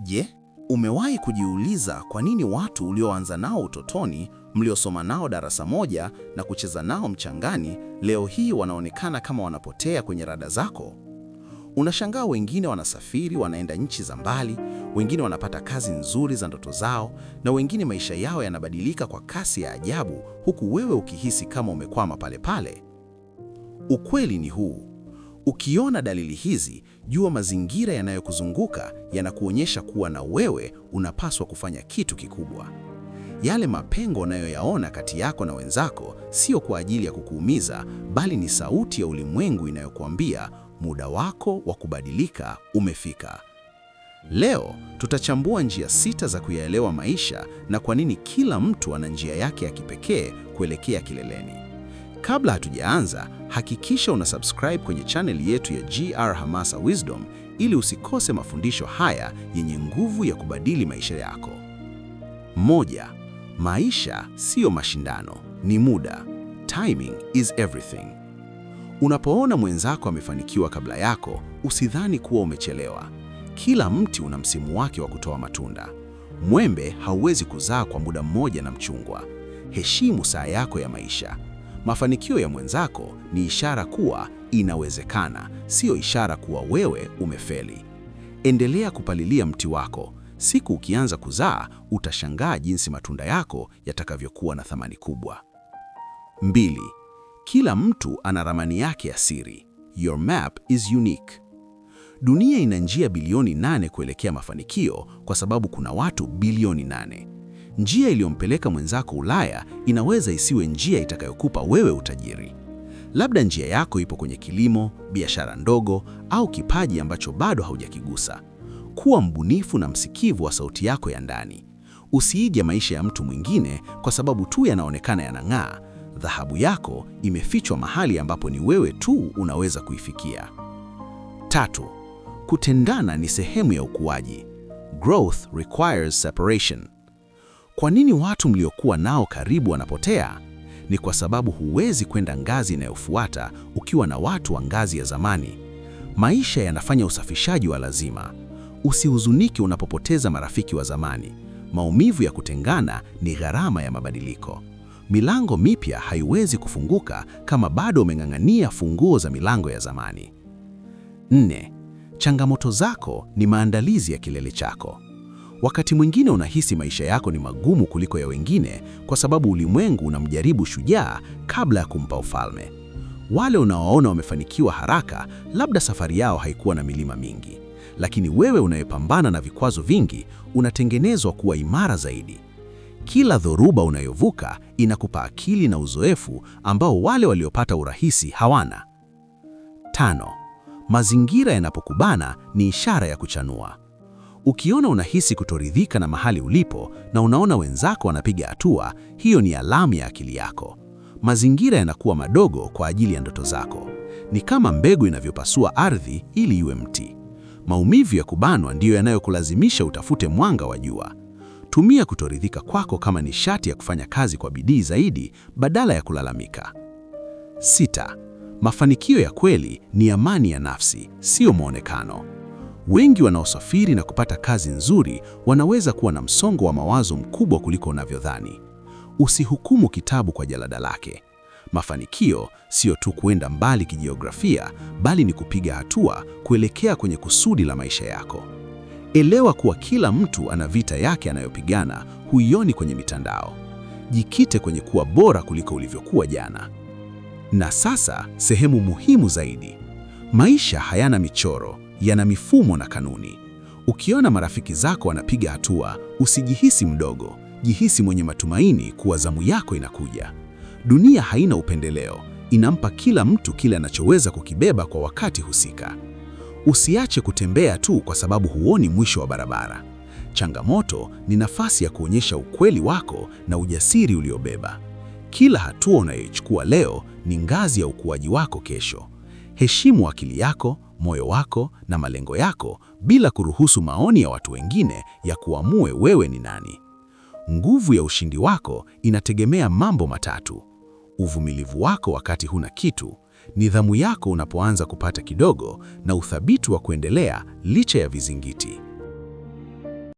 Je, umewahi kujiuliza kwa nini watu ulioanza nao utotoni, mliosoma nao darasa moja na kucheza nao mchangani, leo hii wanaonekana kama wanapotea kwenye rada zako? Unashangaa, wengine wanasafiri, wanaenda nchi za mbali, wengine wanapata kazi nzuri za ndoto zao, na wengine maisha yao yanabadilika kwa kasi ya ajabu, huku wewe ukihisi kama umekwama pale pale. Ukweli ni huu. Ukiona dalili hizi, jua mazingira yanayokuzunguka yanakuonyesha kuwa na wewe unapaswa kufanya kitu kikubwa. Yale mapengo unayoyaona kati yako na wenzako sio kwa ajili ya kukuumiza, bali ni sauti ya ulimwengu inayokuambia muda wako wa kubadilika umefika. Leo tutachambua njia sita za kuyaelewa maisha na kwa nini kila mtu ana njia yake ya kipekee kuelekea kileleni. Kabla hatujaanza, hakikisha una subscribe kwenye chaneli yetu ya GR Hamasa Wisdom ili usikose mafundisho haya yenye nguvu ya kubadili maisha yako. Moja, maisha siyo mashindano, ni muda. Timing is everything. Unapoona mwenzako amefanikiwa kabla yako, usidhani kuwa umechelewa. Kila mti una msimu wake wa kutoa matunda. Mwembe hauwezi kuzaa kwa muda mmoja na mchungwa. Heshimu saa yako ya maisha. Mafanikio ya mwenzako ni ishara kuwa inawezekana, siyo ishara kuwa wewe umefeli. Endelea kupalilia mti wako. Siku ukianza kuzaa, utashangaa jinsi matunda yako yatakavyokuwa na thamani kubwa. Mbili, kila mtu ana ramani yake ya siri. Your map is unique. Dunia ina njia bilioni nane kuelekea mafanikio kwa sababu kuna watu bilioni nane. Njia iliyompeleka mwenzako Ulaya inaweza isiwe njia itakayokupa wewe utajiri. Labda njia yako ipo kwenye kilimo, biashara ndogo au kipaji ambacho bado haujakigusa. Kuwa mbunifu na msikivu wa sauti yako ya ndani. Usiige maisha ya mtu mwingine kwa sababu tu yanaonekana yanang'aa. Dhahabu yako imefichwa mahali ambapo ni wewe tu unaweza kuifikia. Tatu, kutendana ni sehemu ya ukuaji. Growth requires separation. Kwa nini watu mliokuwa nao karibu wanapotea? Ni kwa sababu huwezi kwenda ngazi inayofuata ukiwa na watu wa ngazi ya zamani. Maisha yanafanya usafishaji wa lazima. Usihuzunike unapopoteza marafiki wa zamani. Maumivu ya kutengana ni gharama ya mabadiliko. Milango mipya haiwezi kufunguka kama bado umeng'ang'ania funguo za milango ya zamani. Nne, changamoto zako ni maandalizi ya kilele chako. Wakati mwingine unahisi maisha yako ni magumu kuliko ya wengine kwa sababu ulimwengu unamjaribu shujaa kabla ya kumpa ufalme. Wale unaowaona wamefanikiwa haraka, labda safari yao haikuwa na milima mingi, lakini wewe unayepambana na vikwazo vingi unatengenezwa kuwa imara zaidi. Kila dhoruba unayovuka inakupa akili na uzoefu ambao wale waliopata urahisi hawana. Tano, mazingira yanapokubana ni ishara ya kuchanua. Ukiona unahisi kutoridhika na mahali ulipo na unaona wenzako wanapiga hatua, hiyo ni alama ya akili yako. Mazingira yanakuwa madogo kwa ajili ya ndoto zako. Ni kama mbegu inavyopasua ardhi ili iwe mti. Maumivu ya kubanwa ndiyo yanayokulazimisha utafute mwanga wa jua. Tumia kutoridhika kwako kama nishati ya kufanya kazi kwa bidii zaidi badala ya kulalamika. Sita, mafanikio ya kweli ni amani ya nafsi, siyo mwonekano. Wengi wanaosafiri na kupata kazi nzuri wanaweza kuwa na msongo wa mawazo mkubwa kuliko unavyodhani. Usihukumu kitabu kwa jalada lake. Mafanikio sio tu kuenda mbali kijiografia, bali ni kupiga hatua kuelekea kwenye kusudi la maisha yako. Elewa kuwa kila mtu ana vita yake anayopigana, huioni kwenye mitandao. Jikite kwenye kuwa bora kuliko ulivyokuwa jana. Na sasa, sehemu muhimu zaidi. Maisha hayana michoro, yana mifumo na kanuni. Ukiona marafiki zako wanapiga hatua, usijihisi mdogo, jihisi mwenye matumaini kuwa zamu yako inakuja. Dunia haina upendeleo, inampa kila mtu kile anachoweza kukibeba kwa wakati husika. Usiache kutembea tu kwa sababu huoni mwisho wa barabara. Changamoto ni nafasi ya kuonyesha ukweli wako na ujasiri uliobeba. Kila hatua unayoichukua leo ni ngazi ya ukuaji wako kesho. Heshimu akili yako, moyo wako na malengo yako bila kuruhusu maoni ya watu wengine ya kuamue wewe ni nani. Nguvu ya ushindi wako inategemea mambo matatu: uvumilivu wako wakati huna kitu, nidhamu yako unapoanza kupata kidogo, na uthabiti wa kuendelea licha ya vizingiti.